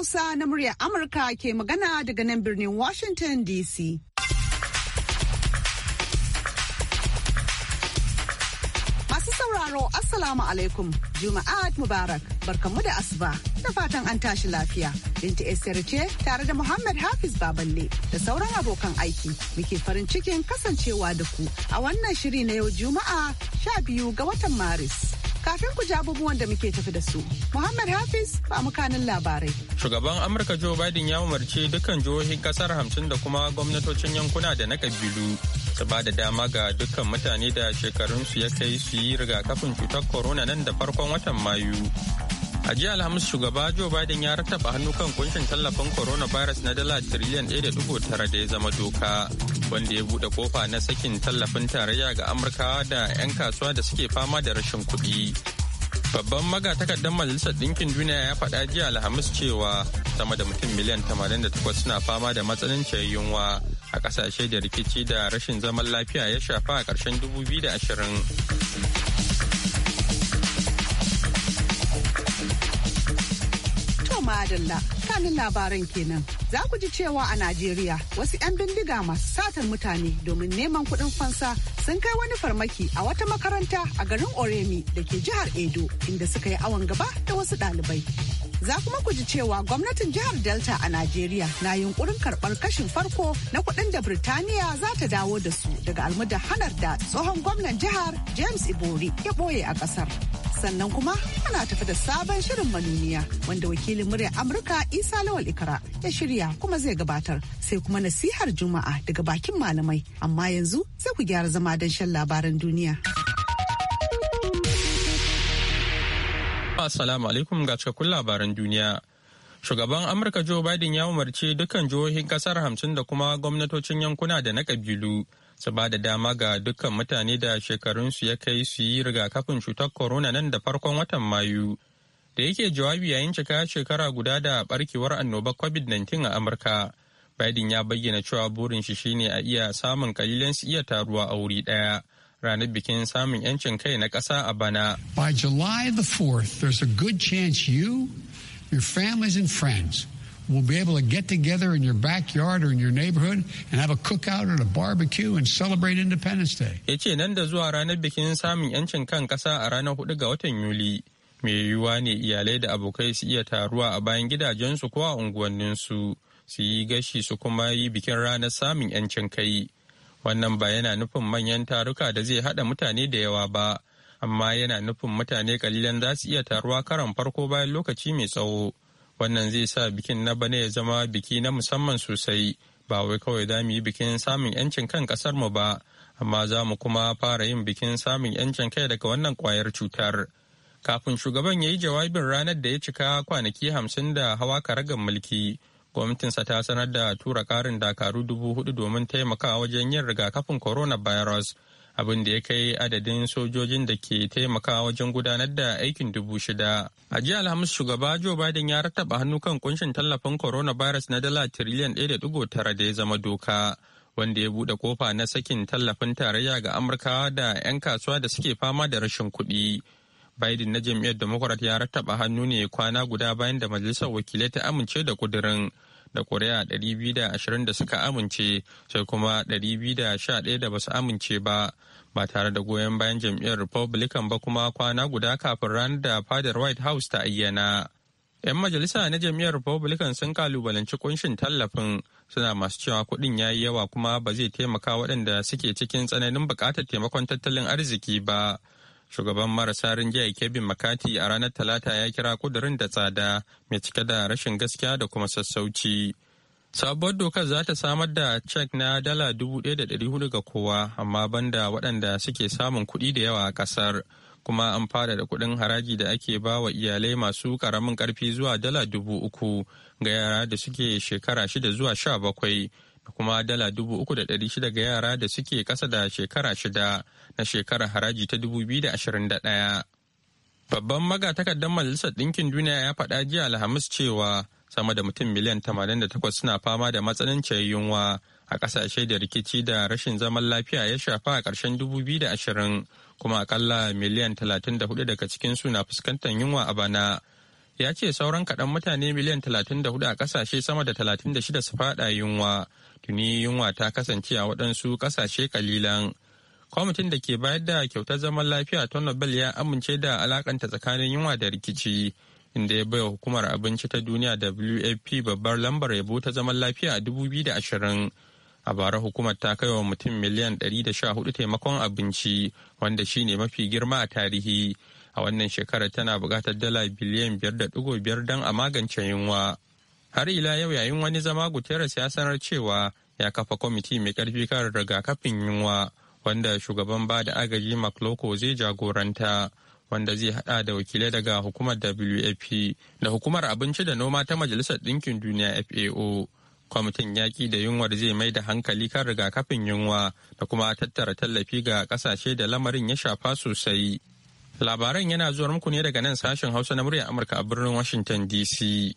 Hausa na muryar Amurka ke magana daga nan birnin Washington DC. Masu sauraro Assalamu alaikum Juma'at Mubarak barkanmu da asuba da fatan an tashi lafiya. Binta Esther ce tare da Muhammad Hafiz Baballe da sauran abokan aiki muke farin cikin kasancewa da ku a wannan shiri na yau Juma'a 12 ga watan Maris. Kafin ku ji abubuwan da muke tafi da su, Muhammad Hafiz ba mukanin labarai. Shugaban Amurka Joe Biden ya umarci dukkan jihohin kasar hamsin da kuma gwamnatocin yankuna da na kabilu su ba da dama ga dukkan mutane da shekarunsu ya kai su yi rigakafin cutar corona nan da farkon watan Mayu. A jiya Alhamis shugaba Joe Biden ya rattaba hannu kan kunshin tallafin coronavirus na dala tiriliyan 1.9 da ya zama doka wanda ya bude kofa na sakin tallafin tarayya ga amurka da 'yan kasuwa da suke fama da rashin kuɗi. Babban magatakardar Majalisar Ɗinkin Duniya ya faɗa jiya Alhamis cewa sama da mutum miliyan 88 suna fama da matsalin yunwa a ƙasashe da rikici da rashin zaman lafiya ya shafa a ƙarshen 2020. Madalla kanin labaran kenan. Za ku ji cewa a Najeriya wasu 'yan bindiga masu satar mutane domin neman kuɗin fansa sun kai wani farmaki a wata makaranta a garin Oremi da ke jihar Edo inda suka yi awon gaba da wasu ɗalibai. Za kuma ku ji cewa gwamnatin jihar Delta a Najeriya na yunkurin karɓar kashin farko na kuɗin da Birtaniya za ta dawo da su daga hanar da tsohon gwamnan jihar James Ibori ya ɓoye a ƙasar. sannan kuma ana tafi da sabon shirin manuniya wanda wakilin muryar amurka isa lawal ikara ya shirya kuma zai gabatar sai kuma nasihar juma'a daga bakin malamai amma yanzu sai ku gyara zama don shan labaran duniya assalamu alaikum ga cikakkun labaran duniya shugaban amurka joe biden ya umarci dukkan jihohin kasar hamsin da kuma gwamnatocin yankuna da na kabilu su ba da dama ga dukkan mutane da shekarunsu ya kai su yi rigakafin cutar corona nan da farkon watan mayu da yake jawabi yayin cika shekara guda da barkewar annobar covid-19 a amurka biden ya bayyana cewa burin shi shine a iya samun kalilan su iya taruwa a wuri daya ranar bikin samun yancin kai na kasa a bana. By July the 4th, there's a good chance you, your families and friends will be able to get together in your backyard or in your neighborhood and have a cookout or a barbecue and celebrate Independence Day. Ya ce nan da zuwa ranar bikin samun 'yancin kan ƙasa a ranar 4 ga watan Yuli. Mai yiwuwa ne iyalai da abokai su iya taruwa a bayan gidajensu ko a unguwanninsu su yi gashi su kuma yi bikin ranar samun 'yancin kai. Wannan ba yana nufin manyan taruka da zai haɗa mutane da yawa ba, amma yana nufin mutane kalilan za su iya taruwa karan farko bayan lokaci mai tsawo. wannan zai sa bikin na bana ya zama biki na musamman sosai ba wai kawai za mu yi bikin samun 'yancin kan mu ba amma za mu kuma fara yin bikin samun 'yancin kai daga wannan kwayar cutar kafin shugaban ya yi jawabin ranar da ya cika kwanaki hamsin da hawa karagan mulki gwamnatinsa ta sanar da tura karin dakaru dubu hudu domin taimakawa wajen yin rigakafin coronavirus virus abin da ya kai adadin sojojin da ke taimakawa wajen gudanar da aikin dubu shida. A jiya Alhamis shugaba Joe Biden ya rattaba hannu kan kunshin tallafin coronavirus na dala tiriliyan ɗaya da tara da ya zama doka. Wanda ya buɗe kofa na sakin tallafin tarayya ga amurka da 'yan kasuwa da suke fama da rashin kuɗi. Biden na jam'iyyar Democrat ya rattaba hannu ne kwana guda bayan da Majalisar Wakilai ta amince da kudirin. da kuri'a 220 da suka amince sai kuma 211 da basu amince ba ba tare da goyon bayan jam'iyyar republican ba kuma kwana guda kafin ranar da fadar white house ta ayyana 'yan majalisa na jam'iyyar republican sun kalubalanci kunshin tallafin suna masu cewa kuɗin ya yi yawa kuma ba zai taimaka waɗanda suke cikin tsananin buƙatar taimakon tattalin arziki ba Shugaban marasa rinjaye Kevin McCarthy a ranar Talata ya kira kudurin da tsada mai cike da rashin gaskiya da kuma sassauci. Sabuwar dokar za ta samar da cek na dala hudu ga kowa amma banda waɗanda suke samun kuɗi da yawa a ƙasar. kuma an fara da kuɗin haraji da ake ba wa iyalai masu ƙaramin ƙarfi zuwa dala dubu uku ga yara da suke shekara shida zuwa sha bakwai kuma dala dubu uku da ɗari shida ga yara da suke kasa da shekara shida na shekarar haraji ta dubu biyu da ashirin da ɗaya. Babban magatakardar Majalisar Ɗinkin Duniya ya faɗa jiya Alhamis cewa sama da mutum miliyan tamanin da takwas suna fama da matsananciyar yunwa a ƙasashe da rikici da rashin zaman lafiya ya shafa a ƙarshen dubu biyu da ashirin kuma aƙalla miliyan talatin da hudu daga cikinsu na fuskantar yunwa a bana. ya ce sauran kaɗan mutane miliyan talatin da hudu a ƙasashe sama da talatin da shida su faɗa yunwa tuni yunwa ta kasance a waɗansu ƙasashe kalilan. Kwamitin da ke bayar da kyautar zaman lafiya ta Nobel ya amince da alakanta tsakanin yunwa da rikici, inda ya baiwa hukumar abinci ta duniya WFP babbar lambar yabo ta zaman lafiya a 2020. A bara hukumar ta kai wa mutum miliyan 114 taimakon abinci, wanda shine mafi girma a tarihi. A wannan shekarar tana buƙatar dala biliyan 5.5 don a magance yunwa. har ila yau yayin wani zama guterres ya sanar cewa ya kafa kwamiti mai karfi kan rigakafin yunwa wanda shugaban ba da agaji makloko zai jagoranta wanda zai hada da wakilai daga hukumar wfp da hukumar abinci da noma ta majalisar ɗinkin duniya fao kwamitin yaƙi da yunwar zai mai da hankali kan rigakafin yunwa da kuma tattara tallafi ga ƙasashe da lamarin ya shafa sosai labaran yana zuwa muku ne daga nan sashen hausa na muryar amurka a birnin washington dc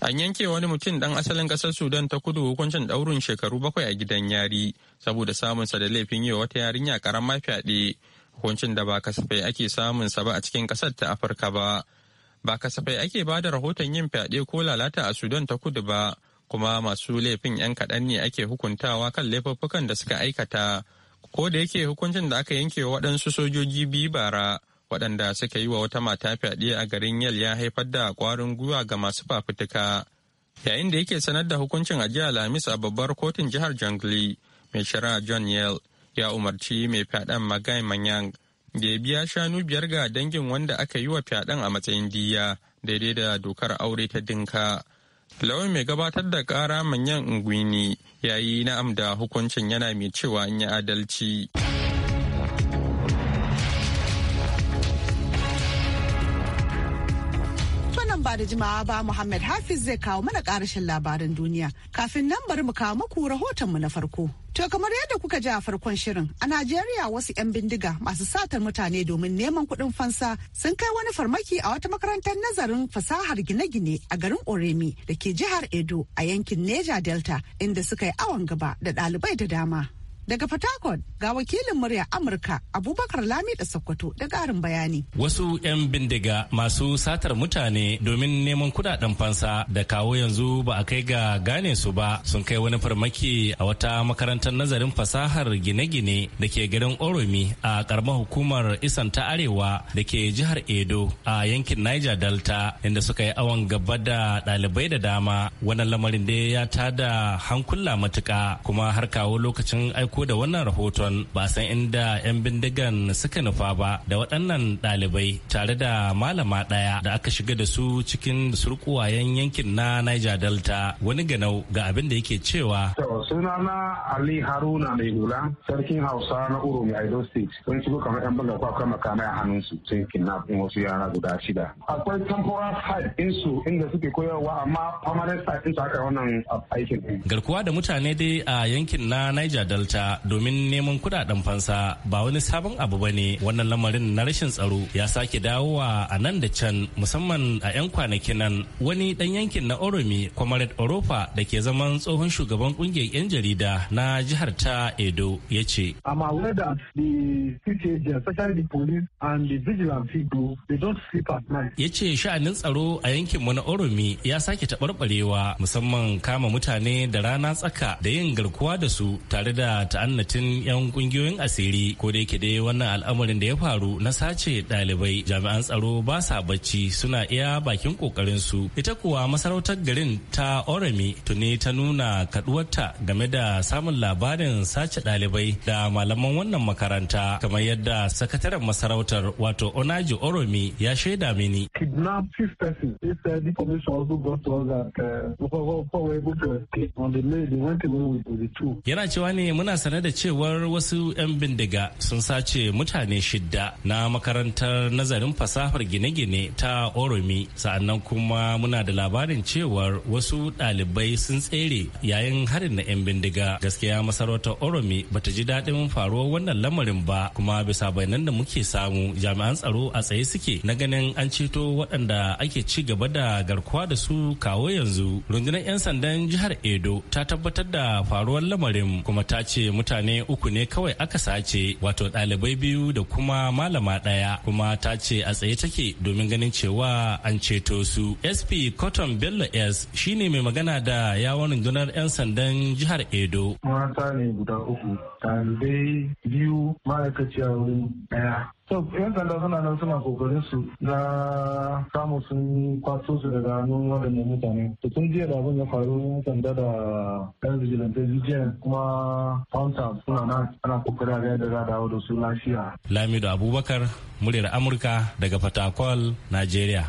An yanke wani mutum ɗan asalin ƙasar Sudan ta kudu hukuncin ɗaurin shekaru bakwai a gidan yari saboda samunsa da laifin yi wata yarinya ƙarama fyaɗe hukuncin da ba kasafai ake samunsa ba a cikin ƙasar ta Afirka ba. Ba kasafai ake ba da rahoton yin fyaɗe ko lalata a Sudan ta kudu ba kuma masu laifin 'yan kaɗan ne ake hukuntawa kan laifuffukan da suka aikata ko da yake hukuncin da aka yanke wa waɗansu sojoji biyu bara waɗanda suka yi wa wata mata fyaɗe a garin yal ya haifar da ƙwarin gwiwa ga masu fafutuka yayin da yake sanar da hukuncin a jiya lamis a babbar kotun jihar jangli mai shari'a john yale ya umarci mai fyaɗen magai manyan da ya biya shanu biyar ga dangin wanda aka yi wa fyaɗen a matsayin diya daidai da dokar aure ta dinka lawan mai gabatar da ƙara manyan ingwini ya yi na'am da hukuncin yana mai cewa in yi adalci. nan ba da jimawa ba Muhammad Hafiz zai kawo mana karashin labarin duniya. Kafin nan bari mu kawo muku rahotonmu na farko. To kamar yadda kuka ji a farkon shirin, a Najeriya wasu 'yan bindiga masu satar mutane domin neman kuɗin fansa sun kai wani farmaki a wata makarantar nazarin fasahar gine-gine a garin Oremi da ke jihar Edo a yankin Neja Delta inda suka yi awon gaba da ɗalibai da dama. Daga Fatakon ga wakilin murya Amurka Abubakar Lami da Sokoto da ƙarin bayani. Wasu 'yan bindiga masu satar mutane domin neman kudaden fansa da kawo yanzu ba a kai ga gane su ba sun kai wani farmaki a wata makarantar nazarin fasahar gine-gine da ke garin Oromi a karamar hukumar Isan ta Arewa da ke jihar Edo a yankin Niger Delta inda suka yi awon gaba da ɗalibai da dama wannan lamarin da ya tada hankula matuka kuma har kawo lokacin aiko Ko da wannan rahoton ba san inda 'yan bindigan suka nufa ba da waɗannan ɗalibai tare da malama ɗaya da aka shiga da su cikin surkuwayen yankin na Niger Delta wani ganau ga abin da yake cewa. sunana Ali Haruna mai hula sarkin Hausa na Uru mai Aido State sun shigo kamar 'yan buga kwakwa makamai a hannunsu sun kidnap wasu yara guda shida. Akwai temporal site su inda suke koyarwa amma permanent site su aka wannan aikin. Garkuwa da mutane dai a yankin na Niger Delta ta domin neman kudaden fansa ba wani sabon abu ba ne wannan lamarin na rashin tsaro ya sake dawowa a nan da can musamman a 'yan kwanakin nan wani dan yankin na oromi comrade orofa da ke zaman tsohon shugaban kungiyar 'yan jarida na jihar ta edo ya ce ya ce sha'anin tsaro a yankin mu na oromi ya sake taɓarɓarewa musamman kama mutane da rana tsaka da yin garkuwa da su tare da ta'annacin 'yan kungiyoyin asiri ko da yake dai wannan al'amarin da ya faru na sace ɗalibai jami'an tsaro ba sa bacci suna iya bakin kokarin su ita kuwa masarautar garin ta orami tuni ta nuna kaduwarta game da samun labarin sace ɗalibai da malaman wannan makaranta kamar yadda sakataren masarautar wato onaji oromi ya shaida mini uh, Yana cewa ne muna sane da cewar wasu 'yan bindiga sun sace mutane shidda na makarantar nazarin fasahar gine-gine ta oromi sa'annan kuma muna da labarin cewar wasu ɗalibai sun tsere yayin harin na 'yan bindiga gaskiya masarautar oromi bata ji daɗin faruwar wannan lamarin ba kuma bisa bayanan da muke samu jami'an tsaro a tsaye suke na ganin an ceto waɗanda ake ci gaba da garkuwa da su kawo yanzu rundunar 'yan sandan jihar edo ta tabbatar da faruwar lamarin kuma ta ce mutane uku ne kawai aka sace wato ɗalibai biyu da kuma malama ɗaya kuma ta ce a tsaye take domin ganin cewa an ceto su sp cotton bello s shine mai magana da yawon rundunar 'yan sandan jihar edo mata ne guda uku ɗalibai biyu ma'aikaciya wurin ɗaya to yan sanda suna nan suna kokarin su na samu sun kwato su daga hannun waɗannan mutane to tun jiya da abin ya faru yan sanda da yan vigilante jijiyar kuma fanta suna nan ana kokarin ga da za dawo da su lafiya lamido abubakar muryar amurka daga fatakwal nigeria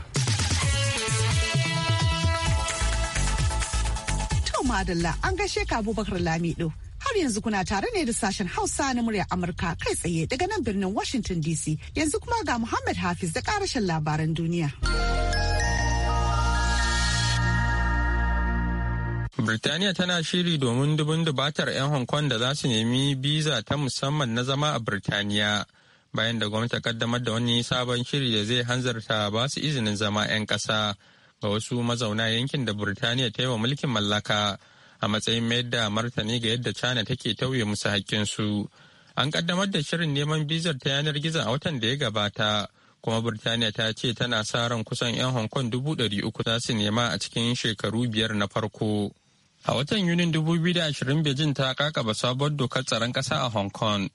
to madalla an gaishe ka abubakar lamido har yanzu kuna tare ne da sashen Hausa na muryar Amurka kai tsaye daga nan birnin Washington DC. Yanzu kuma ga Muhammad Hafiz da karashin labaran duniya. Birtaniya tana shiri domin dubun dubatar 'yan Hong Kong da za su nemi biza ta musamman na zama a Birtaniya. Bayan da gwamnati kaddamar da wani sabon shiri da zai hanzarta ba su izinin zama 'yan ƙasa ga wasu mazauna yankin da Birtaniya ta yi wa mulkin mallaka. a matsayin mayar da martani ga yadda China take tauye musu haƙƙinsu. An kaddamar da shirin neman bizar ta yanar gizo a watan da ya gabata, kuma Birtaniya ta ce tana sa ran kusan 'yan Hong Kong dubu ɗari uku za su nema a cikin shekaru biyar na farko. A watan Yunin 2020 Beijing ta kakaba sabon dokar tsaron ƙasa a Hong Kong.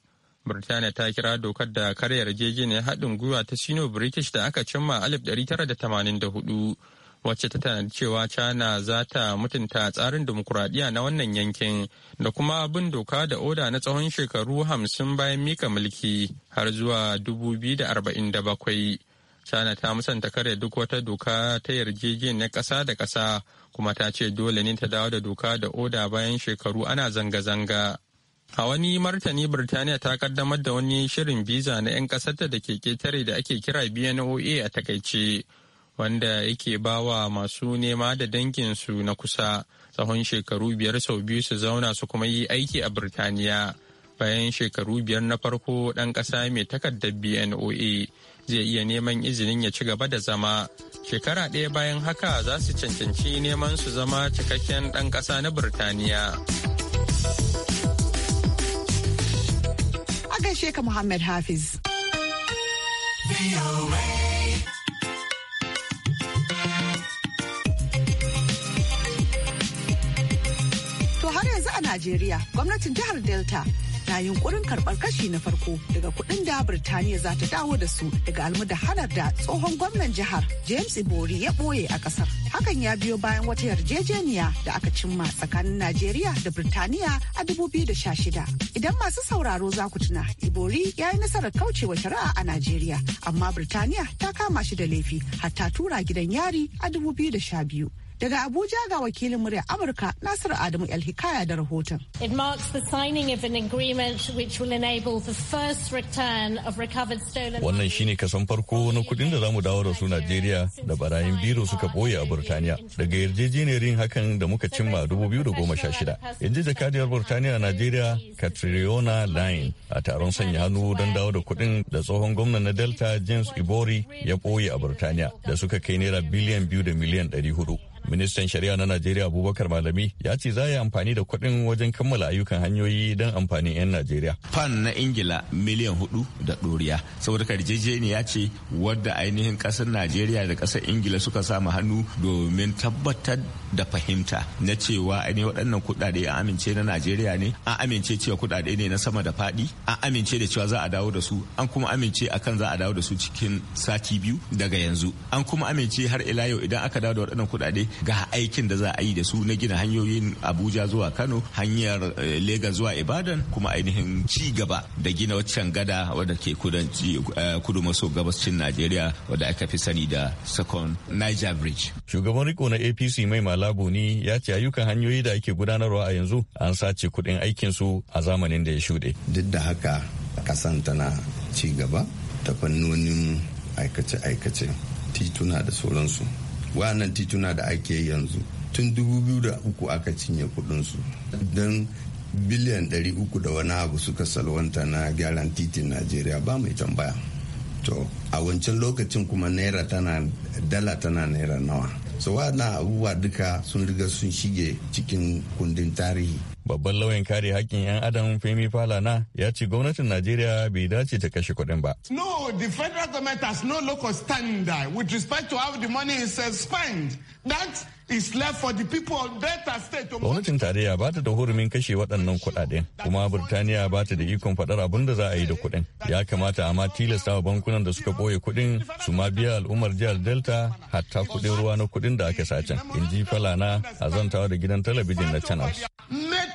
Birtaniya ta kira dokar da karya yarjejeniyar haɗin gwiwa ta Sino-British da aka cimma a 1984 wacce ta tana cewa china za ta mutunta tsarin demokuraɗiyya na wannan yankin da kuma bin doka da oda na tsawon shekaru hamsin bayan mika mulki har zuwa 2047 china ta musanta kare duk wata doka ta yarjejeniyar ƙasa da ƙasa kuma ta ce dole ne ta dawo da doka da oda bayan shekaru ana zanga-zanga A wani martani Birtaniya ta kaddamar da wani shirin biza na 'yan ƙasarta da ke ketare da ake kira BNOA a takaice wanda yake bawa masu nema da danginsu na kusa tsawon shekaru biyar sau biyu su zauna su kuma yi aiki a Birtaniya. Bayan shekaru biyar na farko ɗan ƙasa mai takardar BNOA zai iya neman izinin ya ci gaba da zama. Shekara ɗaya bayan haka za su cancanci neman su zama cikakken ɗan ƙasa na Birtaniya. A gaishe Muhammad Hafiz. har yanzu a Najeriya, gwamnatin jihar Delta na yunkurin karɓar kashi na farko daga kuɗin da Birtaniya za ta dawo da su daga hanar da tsohon gwamnan jihar James Ibori ya ɓoye a ƙasar. Hakan ya biyo bayan wata yarjejeniya da aka cimma tsakanin Najeriya da Birtaniya a 2016. Idan masu sauraro za ku tuna, Ibori ya yi nasarar kaucewa shari'a a Najeriya, amma Birtaniya ta kama shi da laifi har ta tura gidan yari a 2012. Daga Abuja ga wakilin murya Amurka Nasiru Adamu Hikaya da rahoton. It marks the signing of an agreement which will enable the first return of recovered stolen Wannan shine kasan farko na kudin da zamu dawo da su Najeriya da barayin biro suka boye a Burtaniya daga yarjejeniyar yin hakan da muka cimma 2016. Yanzu jakadiyar Burtaniya a Najeriya Catriona Line a taron sanya hannu don dawo da kudin da tsohon gwamna na Delta James Ibori ya boye a Burtaniya da suka kai naira biliyan biyu da miliyan 400. Ministan Shari'a na Najeriya Abubakar Malami ya ce za yi amfani da kuɗin wajen kammala ayyukan hanyoyi don amfanin 'yan Najeriya. Fan na Ingila miliyan hudu da ɗoriya. Saboda yarjejeniya ce wadda ainihin ƙasar Najeriya da ƙasar Ingila suka samu hannu domin tabbatar da fahimta na cewa ainihin waɗannan kuɗaɗe a amince na Najeriya ne, an amince cewa kuɗaɗe ne na sama da faɗi, an amince da cewa za a dawo da su, an kuma amince akan za a dawo da su cikin sati biyu daga yanzu. An kuma amince har ila yau idan aka dawo da waɗannan kuɗaɗe ga aikin da za a yi da su na gina hanyoyin abuja zuwa kano hanyar eh, legas zuwa ibadan kuma ainihin ci gaba da gina waccan gada wadda ke eh, kudu maso gabascin najeriya wadda aka fi sani da second niger bridge shugaban riko na apc mai malabo ne ya ce ayyukan hanyoyi da ake gudanarwa a yanzu an sace kudin aikin su a zamanin da ya shuɗe duk da haka kasan tana ci gaba ta fannonin aikace-aikace tituna da sauransu wannan tituna da ake yanzu tun 2003 aka cinye kudinsu don biliyan 300 da wani abu suka salwanta na gyaran titin najeriya ba mai tambaya to a wancan lokacin kuma naira tana dala tana naira nawa so abubuwa duka sun riga sun shige cikin kundin tarihi babban lauyan kare hakkin 'yan adam femi falana ya ce gwamnatin najeriya bai dace ta kashe kuɗin ba no the federal government has no local standard with respect to how the money is uh, spent that is for the people of delta state. Gwamnatin tarayya ba ta da hurumin kashe waɗannan kuɗaɗen, kuma Birtaniya ba ta da ikon faɗar abin da za a yi da kuɗin. Ya kamata a ma tilasta wa bankunan da suka ɓoye kuɗin su ma biya al'ummar jihar Delta hatta kuɗin ruwa na kuɗin da aka sace In ji falana a zantawa da gidan talabijin na Channels.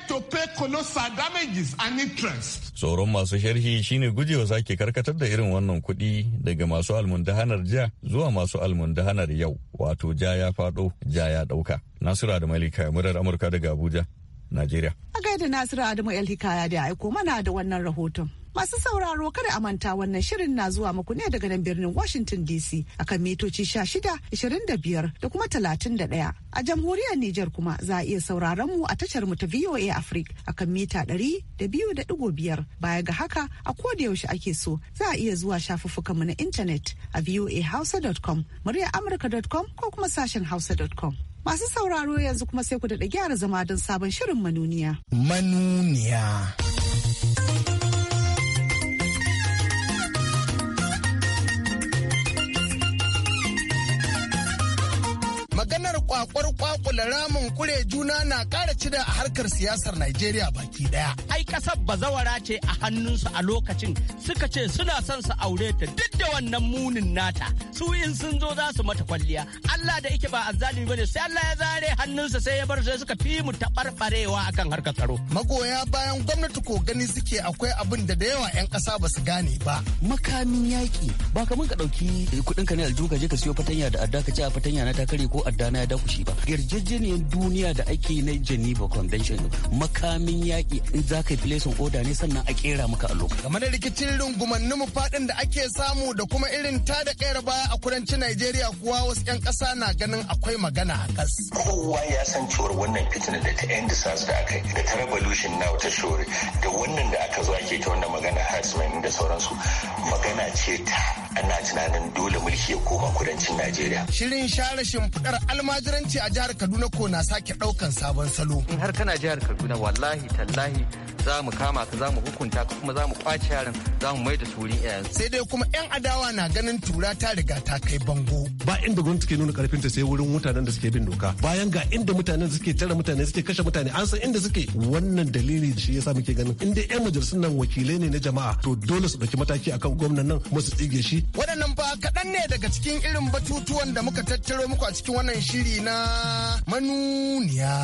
to pay colossal damages and interest. Tsoron masu sharhi shine gujewa sake karkatar da irin wannan kuɗi daga masu almundahanar jiya zuwa masu almundahanar yau wato ja ya faɗo ja ya ɗauka. Nasira da Malika murar Amurka daga Abuja, Najeriya. A gaida Nasiru Adamu El Hikaya da aiko mana da wannan rahoton. Masu sauraro kada a manta wannan shirin na zuwa muku ne daga nan birnin Washington DC akan mitoci 16, 25 da biyar, da kuma talatin da 31. A jamhuriyar Nijar kuma za a iya sauraron mu a tashar mu ta VOA Africa akan mita da biyu digo 200.5 baya ga haka a yaushe ake so za a iya zuwa shafuffukan mu na intanet a voahausa.com, muryar amurka.com ko kuma sashen hausa.com. Masu sauraro yanzu kuma sai ku daɗa gyara zama don sabon shirin manuniya. Manuniya. maganar kwakwar kwakula ramin kure juna na kara cida a harkar siyasar Najeriya baki daya. Ai kasar bazawara ce a hannunsu a lokacin suka ce suna son su aure ta duk da wannan munin nata. Su in sun zo za su mata kwalliya. Allah da ike ba azzalimi bane sai Allah ya zare hannunsa sai ya bar sai suka fi mu taɓarɓarewa akan harkar tsaro. Magoya bayan gwamnati ko gani suke akwai abin da da yawa 'yan ƙasa ba su gane ba. Makamin yaƙi ba kamar ka ɗauki kuɗinka ne aljuka je ka siyo fatanya da adda ka ci a fatanya na takare ko adda da kushi ba yarjejeniyar duniya da ake na geneva convention makamin yaƙi in za ka yi oda ne sannan a kera maka a lokacin game da rikicin rungumannin mu faɗin da ake samu da kuma irin ta da kayar baya a kudancin nigeria kuwa wasu 'yan ƙasa na ganin akwai magana a kas kowa ya san cewar wannan fitina da ta end sars da aka yi da ta revolution now ta shore da wannan da aka zo ake ta wannan magana hasman da sauransu magana ce ta ana tunanin dole mulki ya koma kudancin najeriya shirin share shimfiɗar al almajiranci a jihar kaduna ko na sake daukan sabon salo in har kana jihar kaduna wallahi tallahi za mu kama ka za mu hukunta ka kuma za mu kwace yaran za mu mai da su sai dai kuma yan adawa na ganin tura ta riga ta kai bango ba inda gwamnati ke nuna karfinta sai wurin mutanen da suke bin doka bayan ga inda mutanen suke tare mutane suke kashe mutane an san inda suke wannan dalili shi yasa muke ganin in dai yan majalisun nan wakilai ne na jama'a to dole su dauki mataki akan gwamnan nan kuma su tsige shi waɗannan ba kaɗan ne daga cikin irin batutuwan da muka tattaro muku a cikin wannan shiri na manuniya.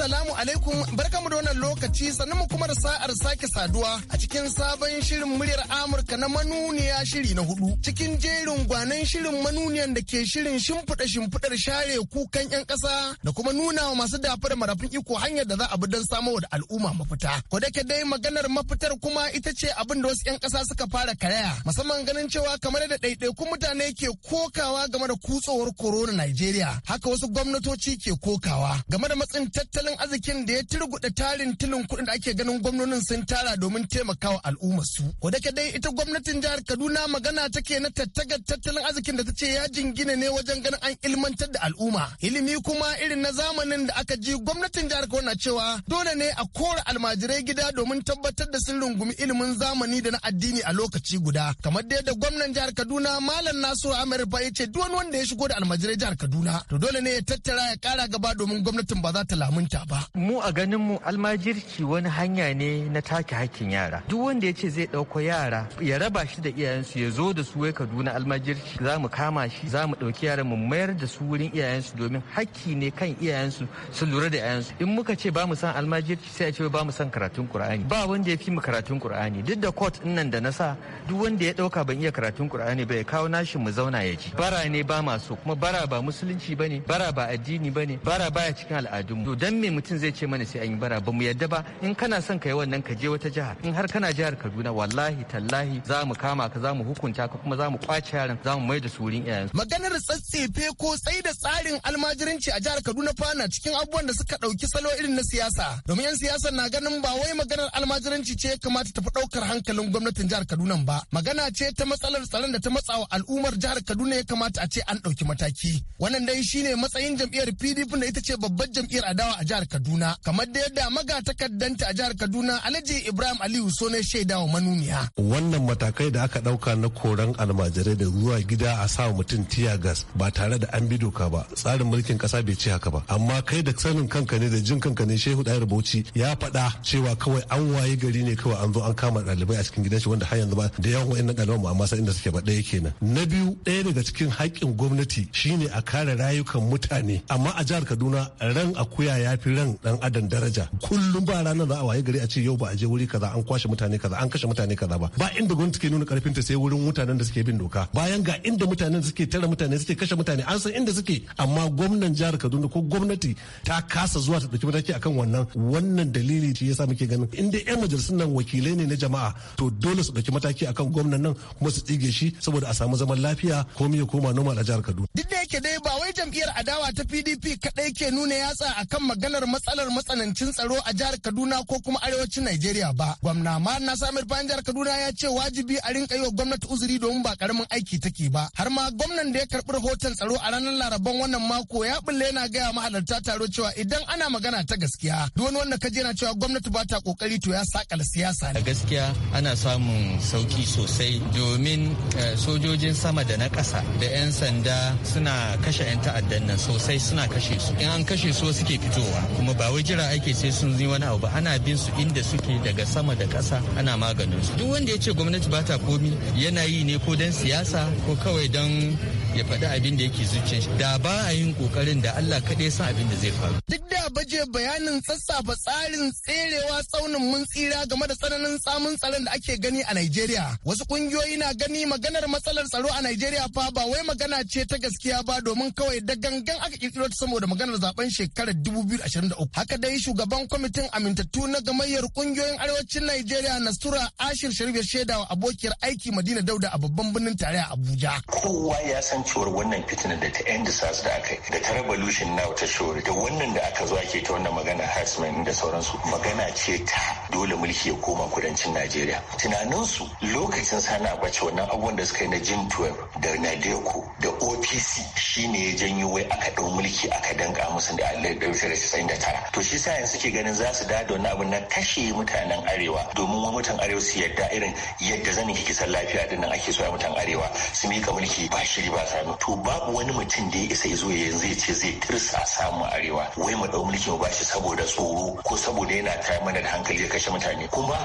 Assalamu alaikum barkamu da wannan lokaci sannan mu kuma da sa'ar sake saduwa a cikin sabon shirin muryar Amurka na manuniya shiri na hudu. Cikin jerin gwanan shirin manuniyan da ke shirin shimfiɗa shimfiɗar share kukan 'yan ƙasa da kuma nuna wa masu dafa marafin iko hanyar da za a bi don samo da al'umma mafita. Ko da dai maganar mafitar kuma ita ce abin da wasu 'yan ƙasa suka fara karaya musamman ganin cewa kamar da ɗaiɗaikun mutane ke kokawa game da kutsowar korona Najeriya haka wasu gwamnatoci ke kokawa game da matsin tattalin tattalin arzikin da ya turguda tarin tilin kuɗin da ake ganin gwamnonin sun tara domin taimakawa al'umma su. Ko da dai ita gwamnatin jihar Kaduna magana take na tattagar tattalin arzikin da ta ce ya jingina ne wajen ganin an ilmantar da al'umma. Ilimi kuma irin na zamanin da aka ji gwamnatin jihar Kaduna cewa dole ne a kora almajirai gida domin tabbatar da sun rungumi ilimin zamani da na addini a lokaci guda. Kamar da yadda gwamnan jihar Kaduna Malam Nasiru Amir Ba yace ce duk wanda ya shigo da almajirai jihar Kaduna to dole ne ya tattara ya kara gaba domin gwamnatin ba za ta lamunta ba. Mu a ganin mu almajirci wani hanya ne na take hakkin yara. Duk wanda ya ce zai ɗauko yara ya raba shi da iyayensu ya zo da su wai Kaduna almajirci za mu kama shi za mu ɗauki yaran mu mayar da su wurin iyayensu domin hakki ne kan iyayensu su lura da iyayensu. In muka ce ba mu san almajirci sai a ce ba mu san karatun Kur'ani. Ba wanda ya fi mu karatun Kur'ani duk da kot nan da na sa duk wanda ya ɗauka ban iya karatun Kur'ani ba ya kawo nashi mu zauna ya ji. Bara ne ba masu kuma bara ba musulunci ba ne bara ba addini ba ne bara baya cikin al'adunmu. To dan me ne mutum zai ce mana sai an yi bara ba mu yadda ba in kana son ka yi wannan ka je wata jiha in har kana jihar Kaduna wallahi tallahi za mu kama ka za mu hukunta ka kuma za mu kwace yaran za mu maida su wurin iyayen maganar tsatsefe ko sai da tsarin almajiranci a jihar Kaduna fana cikin abubuwan da suka dauki salo irin na siyasa domin yan siyasa na ganin ba wai maganar almajiranci ce ya kamata ta fi daukar hankalin gwamnatin jihar Kaduna ba magana ce ta matsalar tsaron da ta matsawa al'ummar jihar Kaduna ya kamata a ce an dauki mataki wannan dai shine matsayin jam'iyyar PDP da ita ce babbar jam'iyyar adawa a jihar jihar Kaduna kamar da yadda magatakardan a jihar Kaduna Alhaji Ibrahim Aliyu so ne shaida wa manuniya. Wannan matakai da aka dauka na koran almajirai da zuwa gida a sa mutum tiya gas ba tare da an bi doka ba tsarin mulkin kasa bai ce haka ba amma kai da sanin kanka ne da jin kanka ne Shehu Dayar Bauchi ya faɗa cewa kawai an waye gari ne kawai an zo an kama ɗalibai a cikin gidan shi wanda har yanzu ba da yawan wa'annan ɗaliban amma san inda suke ba ɗaya kenan. Na biyu ɗaya daga cikin haƙƙin gwamnati shine a kare rayukan mutane amma a jihar Kaduna ran akuya ya fi ran dan adam daraja kullum ba ranar za a waye gari a ce yau ba a je wuri kaza an kwashe mutane kaza an kashe mutane kaza ba ba inda gwamnati ke nuna karfin ta sai wurin mutanen da suke bin doka bayan ga inda mutanen suke tara mutane suke kashe mutane an san inda suke amma gwamnan jihar Kaduna ko gwamnati ta kasa zuwa ta dauki mataki akan wannan wannan dalili shi yasa muke ganin inda yan majalisun nan wakilai ne na jama'a to dole su dauki mataki akan gwamnan nan kuma su tsige shi saboda a samu zaman lafiya komai ya koma noma a jihar Kaduna yake dai ba wai jam'iyyar adawa ta PDP kaɗai ke nuna yatsa akan maganar matsalar matsanancin tsaro a jihar Kaduna ko kuma arewacin Najeriya ba. Gwamna ma na samir bayan jihar Kaduna ya ce wajibi a rinka yi wa gwamnati uzuri domin ba karamin aiki take ba. Har ma gwamnan da ya karɓi rahoton tsaro a ranar Laraban wannan mako ya bulle yana gaya mahalarta taro cewa idan ana magana ta gaskiya duk wani wanda kaje na cewa gwamnati ba ta kokari to ya sakala siyasa ne. gaskiya ana samun sauki sosai domin eh, sojojin sama da na ƙasa da 'yan sanda suna kashe 'yan ta'addan nan sosai suna kashe su in an kashe su suke fitowa kuma ba wai jira ake sai sun yi wani abu ba ana bin su inda suke daga sama da kasa ana maganin su duk wanda ya ce gwamnati ba ta komi yana yi ne ko don siyasa ko kawai don ya faɗi abin da yake zuciyar da ba a yin kokarin da Allah kaɗai san abin da zai faru duk da baje bayanin sassafa tsarin tserewa tsaunin mun tsira game da tsananin samun tsaron da ake gani a Najeriya wasu ƙungiyoyi na gani maganar matsalar tsaro a Najeriya fa ba wai magana ce ta gaskiya ba domin kawai da gangan aka kirkiro ta saboda maganar zaben shekarar 2023 haka dai shugaban kwamitin amintattu na gamayyar ƙungiyoyin arewacin Najeriya nasura Ashir Sharif ya shaida wa abokiyar aiki Madina Dauda a babban birnin tare a Abuja kowa ya san kasancewar wannan fitinar da ta end sars da aka da ta revolution na ta shore da wannan da aka zo ake ta wannan magana hasman da sauransu magana ce ta dole mulki ya koma kudancin najeriya tunaninsu lokacin sana bace wannan abubuwan da suka yi na jin 12 da nadeko da opc shine ya janyo wai aka dau mulki aka danka musu da alai da tara to shi sa yanzu suke ganin za su dada wani abu na kashe mutanen arewa domin wani mutan arewa su yadda irin yadda zanin kiki lafiya lafiya nan ake so mutan arewa su mika mulki ba shiri ba kasa to babu wani mutum da ya isa ya zo yanzu ya ce zai tirsa samu arewa wai mu dau mulki mu bashi saboda tsoro ko saboda yana tayar mana da hankali ya kashe mutane kuma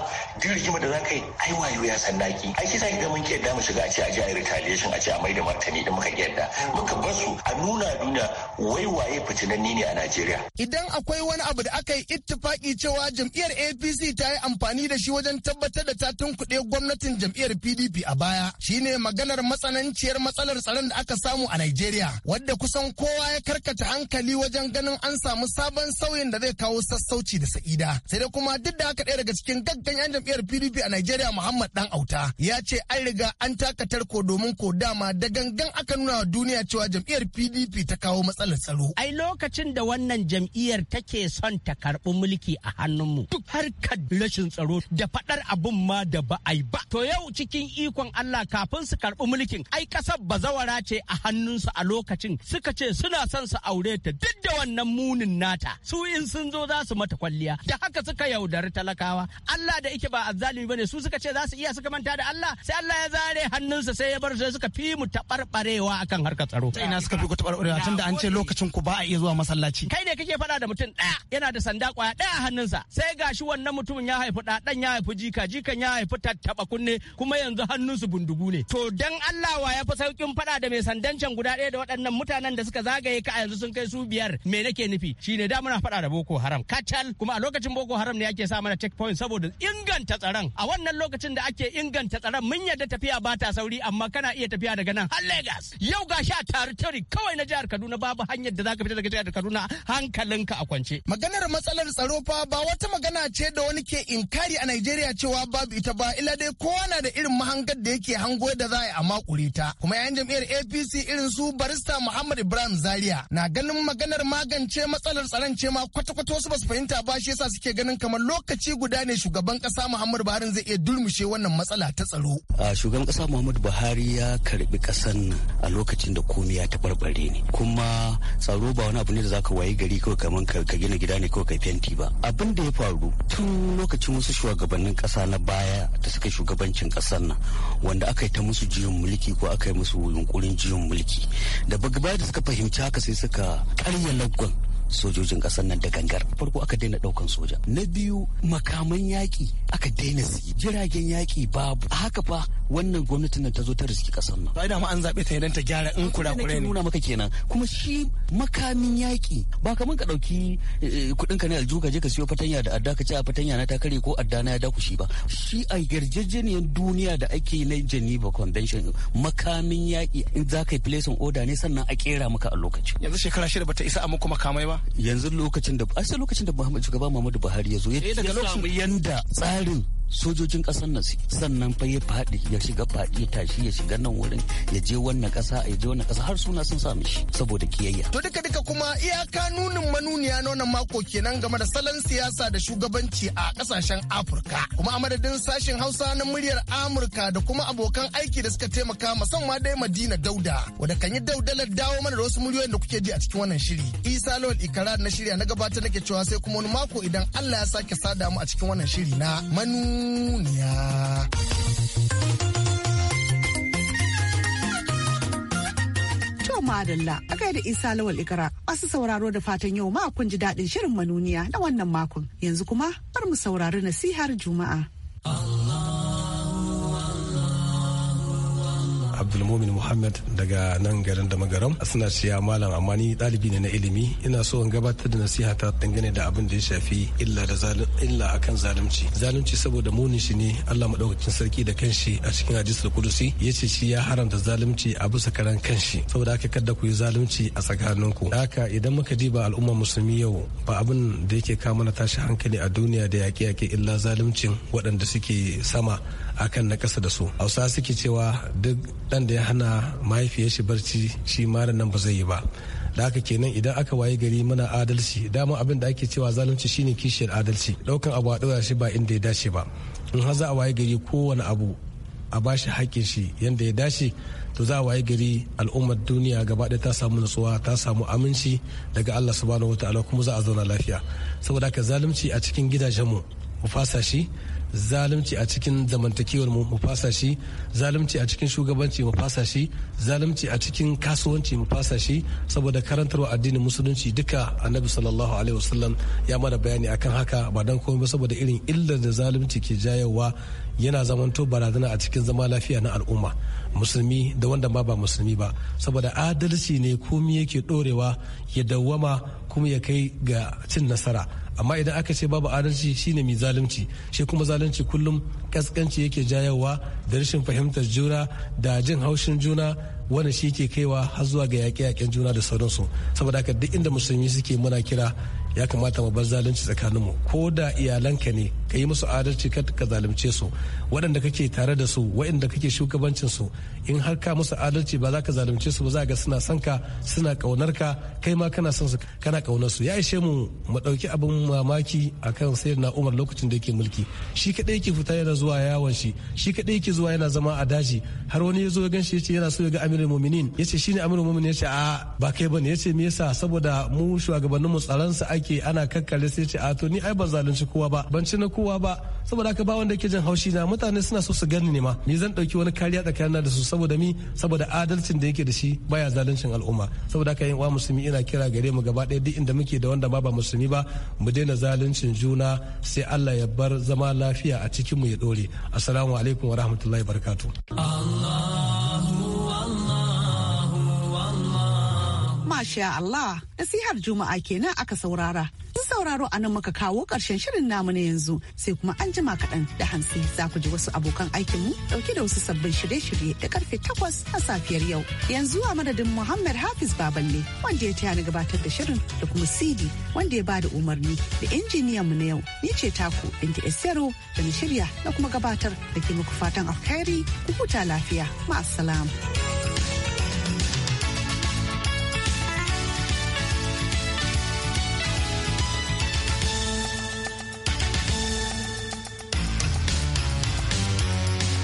duk rigima da zaka yi ai wayo ya san naki ai kisa ga mun kiyar da mu shiga a ce a ji a retaliation a ce a maida martani da muka kiyarda muka bar su a nuna duniya wai waye fitinanni ne a Najeriya idan akwai wani abu da aka yi ittifaki cewa jam'iyyar APC ta yi amfani da shi wajen tabbatar da ta tunkuɗe gwamnatin jam'iyyar PDP a baya shine maganar matsananciyar matsalar tsaron da da aka samu a Najeriya wadda kusan kowa ya karkata hankali wajen ganin an samu sabon sauyin da zai kawo sassauci da sa'ida. Sai dai kuma duk da aka ɗaya daga cikin gaggan 'yan jam'iyyar PDP a Najeriya Muhammad Dan Auta ya ce an riga an takatar tarko domin ko dama da gangan aka nuna wa duniya cewa jam'iyyar PDP ta kawo matsalar tsaro. Ai lokacin da wannan jam'iyyar take son ta karɓi mulki a hannunmu duk harkar rashin tsaro da faɗar abun ma da ba a ba. To yau cikin ikon Allah kafin su karɓi mulkin ai ƙasar bazawara ce a hannunsa a lokacin suka ce suna son su aure ta duk da wannan munin nata su in sun zo za su mata kwalliya da haka suka yaudari talakawa Allah da ike ba azzalimi bane su suka ce za su iya suka manta da Allah sai Allah ya zare hannunsa sai ya bar sai suka fi mu tabarbarewa akan harkar tsaro sai ina suka fi ku tabarbarewa tunda an ce lokacin ku ba a iya zuwa masallaci kai ne kake faɗa da mutum ɗaya yana da sanda kwaya ɗaya a hannunsa sai gashi wannan mutumin ya haifi ɗan ya haifi jika jikan ya haifi tattaɓa kunne kuma yanzu hannunsu bundugu ne to dan Allah wa ya fi saukin faɗa da mai sandan guda ɗaya da waɗannan mutanen da suka zagaye ka a yanzu sun kai su biyar me nake nufi shine da muna faɗa da Boko Haram kacal kuma a lokacin Boko Haram ne ake sa mana checkpoint saboda inganta tsaron a wannan lokacin da ake inganta tsaron mun yadda tafiya ba ta sauri amma kana iya tafiya daga nan har Lagos yau ga a territory kawai na jihar Kaduna babu hanyar da zaka fita daga jihar Kaduna hankalinka a kwance maganar matsalar tsaro fa ba wata magana ce da wani ke inkari a Najeriya cewa babu ita ba illa dai kowa na da irin mahangar da yake hango da za a yi a makure ta kuma yayin jam'iyyar apc irin su barista muhammad ibrahim zaria na ganin maganar magance matsalar tsaron ce ma kwata-kwata wasu ba fahimta ba shi yasa suke ganin kamar lokaci guda ne shugaban kasa muhammad buhari zai iya dulmushe wannan matsala ta tsaro shugaban kasa muhammad buhari ya karbi kasan a lokacin da komai ya tabarbare ne kuma tsaro ba wani abu ne da zaka wayi gari ko kamar ka gina gida ne ko kai fenti ba abin da ya faru tun lokacin wasu shugabannin kasa na baya da suka shugabancin kasar nan wanda aka yi ta musu jiyon mulki ko aka yi musu yunkurin juyin mulki da bagba da suka fahimci haka sai suka karya lagwan sojojin kasar nan da gangar farko aka daina daukan soja na biyu makaman yaƙi aka daina su jiragen yaƙi babu haka fa wannan gwamnatin nan ta zo ta riski kasar nan da ma an zaɓe ta idan ta gyara in kura ne nuna maka kenan kuma shi makamin yaƙi ba kaman ka ɗauki eh, kuɗin ka ne aljihu ka je ka siyo fatanya da adda ka ce a fatanya na ta kare ko adda na ya shi ba shi a yarjejeniyar duniya da ake na Geneva Convention makamin yaƙi in za ka yi order ne sannan a kera maka a lokaci yanzu shekara shida bata isa a muku makamai ba yanzu lokacin da a lokacin da muhammadu shugaba Muhammadu Buhari ya zo ya samu yanda tsarin sojojin ƙasar nan sannan fa ya faɗi ya shiga faɗi ya tashi ya shiga nan wurin ya je wannan ƙasa ya je wannan ƙasa har suna sun sami shi saboda kiyayya. To duka duka kuma iyaka nunin manuniya na wannan mako kenan game da salon siyasa da shugabanci a ƙasashen Afirka. Kuma a madadin sashen Hausa na muryar Amurka da kuma abokan aiki da suka taimaka musamman dai Madina Dauda wanda kan yi daudalar dawo mana da wasu muryoyin da kuke ji a cikin wannan shiri. Isa Lawal ikarar na shirya na gabata nake cewa sai kuma wani mako idan Allah ya sake sada mu a cikin wannan shiri na manu manuniya. madalla a gaida isa lawal ikara masu sauraro da fatan yau ma kun ji daɗin shirin manuniya na wannan makon yanzu kuma bar mu saurari nasihar juma'a. abdulmumin muhammad daga nan garin da magaram suna cewa malam amma ni ɗalibi ne na ilimi ina so in gabatar da nasiha ta dangane da abin da ya shafi illa da illa akan zalunci zalunci saboda munin shi ne allah maɗaukacin sarki da kanshi a cikin hadisul kudusi ya ce shi ya haramta zalunci a bisa karan kanshi saboda haka kada ku yi zalunci a tsakaninku haka idan muka diba al'ummar musulmi yau ba abin da yake kawo mana tashi hankali a duniya da yaƙe-yaƙe illa zaluncin waɗanda suke sama akan na ƙasa da su hausa suke cewa duk ɗan da ya hana mahaifiyar shi barci shi maran nan ba zai yi ba da haka kenan idan aka waye gari muna adalci dama abin da ake cewa zalunci shine kishiyar adalci daukan abu a ɗora shi ba inda ya dace ba in har za a waye gari kowane abu a bashi haƙƙin shi yanda ya dace to za a waye gari al'ummar duniya gaba ɗaya ta samu nutsuwa ta samu aminci daga Allah subhanahu ta'ala kuma za a zauna lafiya saboda haka zalunci a cikin gidajenmu mu fasa shi zalunci a cikin zamantakewar mu mu fasa shi zalunci a cikin shugabanci mu fasa shi zalunci a cikin kasuwanci mu fasa shi saboda karantarwa addinin musulunci duka annabi sallallahu alaihi wasallam ya mana bayani akan haka ba dan komai ba saboda irin illar da zalunci ke jayowa yana zamanto barazana a cikin zama lafiya na al'umma musulmi da wanda ma ba musulmi ba saboda adalci ne komi yake dorewa ya dawwama kuma ya kai ga cin nasara amma idan aka ce babu adalci shine mai zalunci shi kuma zalunci kullum kaskanci yake jayawa da rashin fahimtar juna da jin haushin juna wani shi ke kaiwa har zuwa ga yaƙe-yaƙen juna da sauransu saboda haka duk inda musulmi suke muna kira ya kamata mu bar zalunci tsakaninmu ko da iyalanka ne ka yi musu adalci ka zalunce su waɗanda kake tare da su waɗanda kake shugabancin su in har ka musu adalci ba za ka zalunce su ba za ga suna son ka suna ƙaunar ka kai ma kana son su kana ƙaunar su ya ishe mu mu ɗauki abin mamaki akan sayyidina Umar lokacin da yake mulki shi kadai yake fita yana zuwa yawon shi shi kadai yake zuwa yana zama a daji har wani ya zo ya ganshi yace yana so ya ga Amirul Mu'minin yace shine Amirul Mu'minin yace a ba kai bane yace me yasa saboda mu shugabannin mu tsaron ake ana kakkare sai yace a to ni ai ban zalunci kowa ba ban ci na kowa ba saboda haka ba wanda yake jin haushi na mutane suna so su gani ne ma ni zan dauki wani kariya tsakanina da su saboda mi saboda adalcin da yake da shi baya zaluncin al'umma saboda haka yan uwa musulmi ina kira gare mu gaba ɗaya duk inda muke da wanda ba ba musulmi ba mu daina zaluncin juna sai Allah ya bar zama lafiya a cikin mu ya dore assalamu alaikum wa rahmatullahi barakatuh Allah masha Allah nasihar juma'a kenan aka saurara sun sauraro a nan muka kawo ƙarshen shirin namu na yanzu sai kuma an jima kaɗan da hantsi za ku ji wasu abokan aikinmu ɗauke da wasu sabbin shirye-shirye da karfe takwas na safiyar yau yanzu a madadin Muhammad Hafiz Baballe wanda ya taya ni gabatar da shirin da kuma CD wanda ya ba da umarni da injiniyan mu na yau ni ce taku Binta Esero da na shirya na kuma gabatar da ke muku fatan alkhairi ku huta lafiya Ma'asalam.